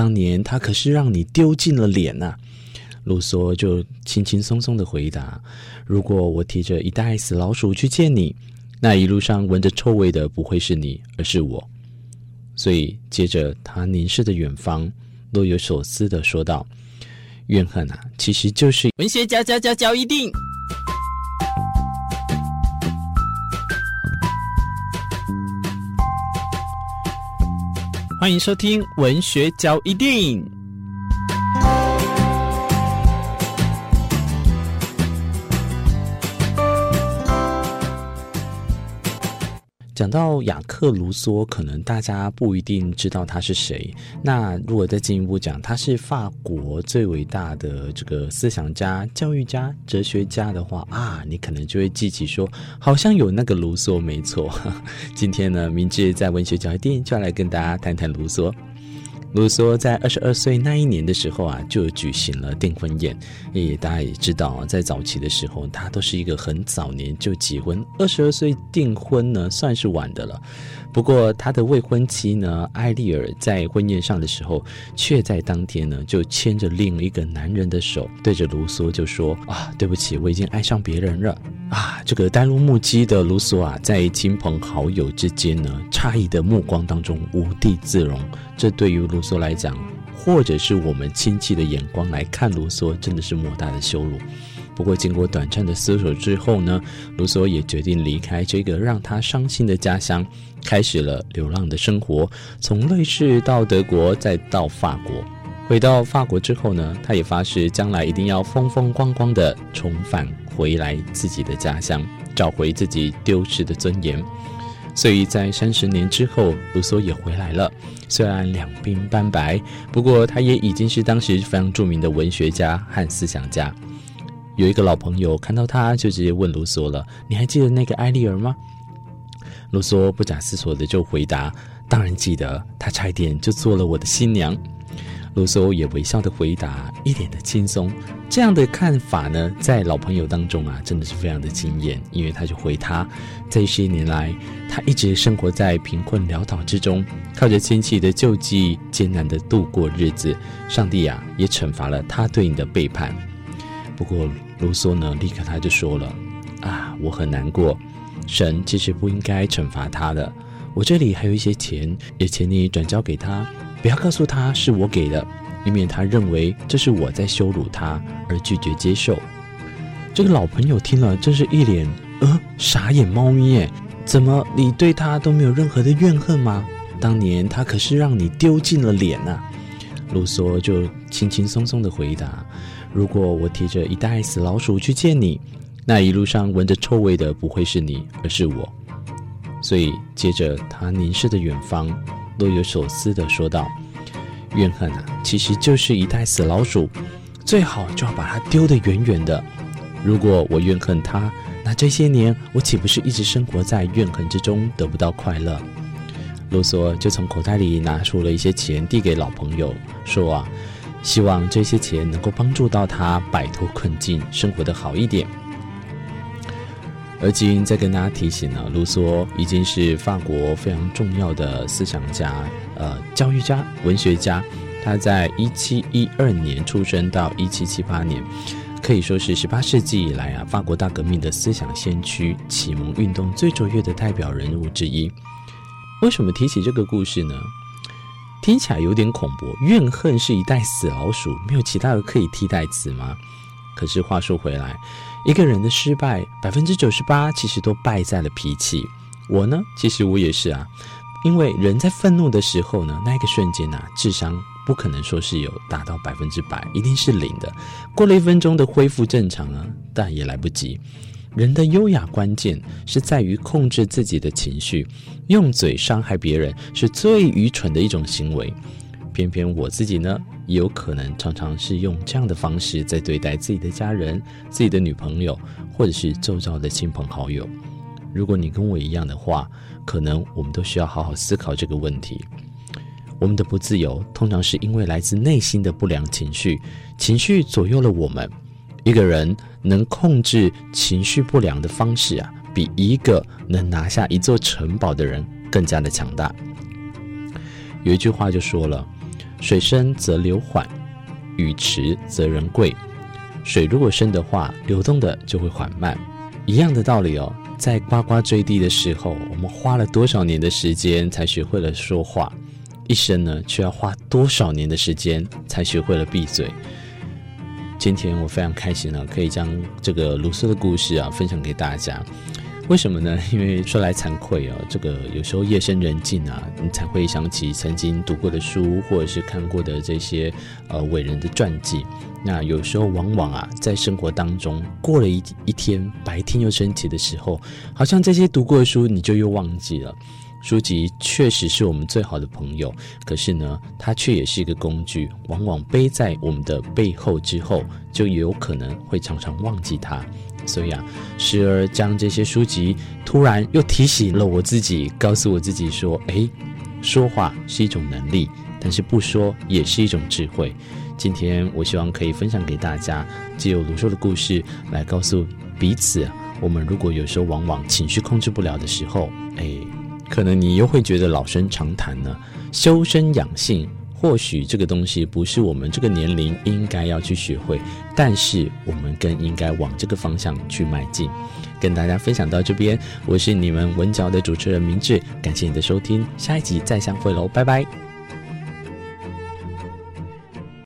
當年他可是讓你丟盡了臉吶、啊，盧梭就輕輕鬆鬆的回答：“如果我提着一袋死老鼠去見你，那一路上聞着臭味的不會是你，而是我。”所以接着他凝視着遠方，若有所思的說道：“怨恨啊，其實就是……”文學家家家家一定。歡迎收聽文學交易電影。講到雅克·盧梭，可能大家不一定知道他是誰。那如果再進一步講，他是法國最偉大的這個思想家、教育家、哲學家的話啊，你可能就會記起說，好像有那個盧梭沒錯。 今天呢，明智在文學角一定就要來跟大家談談盧梭。盧梭在二十二歲那一年的時候啊，就舉行了訂婚宴。誒，大家也知道，在早期的時候，他都是一個很早年就結婚。二十二歲訂婚呢，算是晚的了。不過，他的未婚妻呢，艾麗爾在婚宴上的時候，卻在當天呢，就牽着另一個男人的手，對着盧梭就說：“啊，對不起，我已經愛上別人了。”啊，這個呆若木雞的盧梭啊，在親朋好友之間呢，詫異的目光當中無地自容。這對於盧盧梭來講，或者是我們親戚的眼光來看，盧梭真的是莫大的羞辱。不過，經過短暫的思索之後呢，盧梭也決定離開這個讓他傷心的家鄉，開始了流浪的生活。從瑞士到德國，再到法國。回到法國之後呢，他也發誓將來一定要風風光光地重返回來自己的家鄉，找回自己丟失的尊嚴。所以，在三十年之後，盧梭也回來了。雖然兩鬢斑白，不過他也已經是當時非常著名的文學家和思想家。有一個老朋友看到他，就直接問盧梭了：“你還記得那個愛麗兒嗎？”盧梭不假思索地就回答：“當然記得，她差一點就做了我的新娘。”盧梭也微笑的回答，一臉的輕鬆。這樣的看法呢，在老朋友當中啊，真的是非常的驚艷。因為他就回他，這些年來，他一直生活在貧困潦倒之中，靠着親戚的救濟，艱難的度過日子。上帝呀、啊，也懲罰了他對你的背叛。不過，盧梭呢，立刻他就說了，啊，我很難過，神其實不應該懲罰他的。我這裡還有一些錢，也請你轉交給他。不要告訴他是我給的，以免他認為這是我在羞辱他而拒絕接受。這個老朋友聽了，真是一臉呃傻眼貓咪誒，怎麼你對他都沒有任何的怨恨嗎？當年他可是讓你丟盡了臉吶、啊。盧梭就輕輕鬆鬆的回答：“如果我提着一袋死老鼠去見你，那一路上聞着臭味的不會是你，而是我。”所以，接着他凝視着遠方。若有所思的說道：“怨恨啊，其實就是一袋死老鼠，最好就要把它丟得遠遠的。如果我怨恨他，那這些年我豈不是一直生活在怨恨之中，得不到快樂？”羅索就從口袋裡拿出了一些錢，遞給老朋友，說：“啊，希望這些錢能夠幫助到他擺脫困境，生活得好一點。”而今再跟大家提醒呢，盧梭已經是法國非常重要的思想家、呃，教育家、文學家。他在一七一二年出生到一七七八年，可以說是十八世紀以來啊，法國大革命的思想先驅，啟蒙運動最卓越的代表人物之一。為什麼提起這個故事呢？聽起來有點恐怖，怨恨是一袋死老鼠，沒有其他的可以替代詞嗎？可是話說回來，一個人的失敗，百分之九十八其實都敗在了脾氣。我呢，其實我也是啊，因為人在憤怒的時候呢，那個瞬間吶、啊，智商不可能說是有達到百分之百，一定是零的。過了一分鐘的恢復正常呢、啊，但也來不及。人的優雅關鍵是在於控制自己的情緒，用嘴傷害別人是最愚蠢的一種行為。偏偏我自己呢，也有可能常常是用這樣的方式在對待自己的家人、自己的女朋友，或者是周遭的親朋好友。如果你跟我一樣的話，可能我們都需要好好思考這個問題。我們的不自由，通常是因為來自內心的不良情緒，情緒左右了我們。一個人能控制情緒不良的方式啊，比一個能拿下一座城堡的人更加的強大。有一句話就說了。水深則流緩，語遲則人貴。水如果深的話，流動的就會緩慢。一樣的道理哦，在呱呱墜地的時候，我們花了多少年的時間才學會了說話？一生呢，卻要花多少年的時間才學會了閉嘴？今天我非常開心呢，可以將這個盧梭的故事啊，分享給大家。為什麼呢？因為說來慚愧啊、哦，這個有時候夜深人靜啊，你才會想起曾經讀過的書，或者是看過的這些呃偉人的傳記。那有時候往往啊，在生活當中過了一一天，白天又升起的時候，好像這些讀過的書你就又忘記了。書籍確實是我們最好的朋友，可是呢，它卻也是一個工具，往往背在我們的背後之後，就也有可能會常常忘記它。所以啊，時而將這些書籍突然又提醒了我自己，告訴我自己說：“誒，說話是一種能力，但是不說也是一種智慧。”今天我希望可以分享給大家藉由盧梭的故事，來告訴彼此、啊：我們如果有時候往往情緒控制不了的時候，誒，可能你又會覺得老生常談呢、啊。修身養性。或許這個東西不是我們這個年齡應該要去學會，但是我們更應該往這個方向去邁進。跟大家分享到這邊，我是你們文嚼的主持人明志，感謝你的收聽，下一集再相會嘍，拜拜。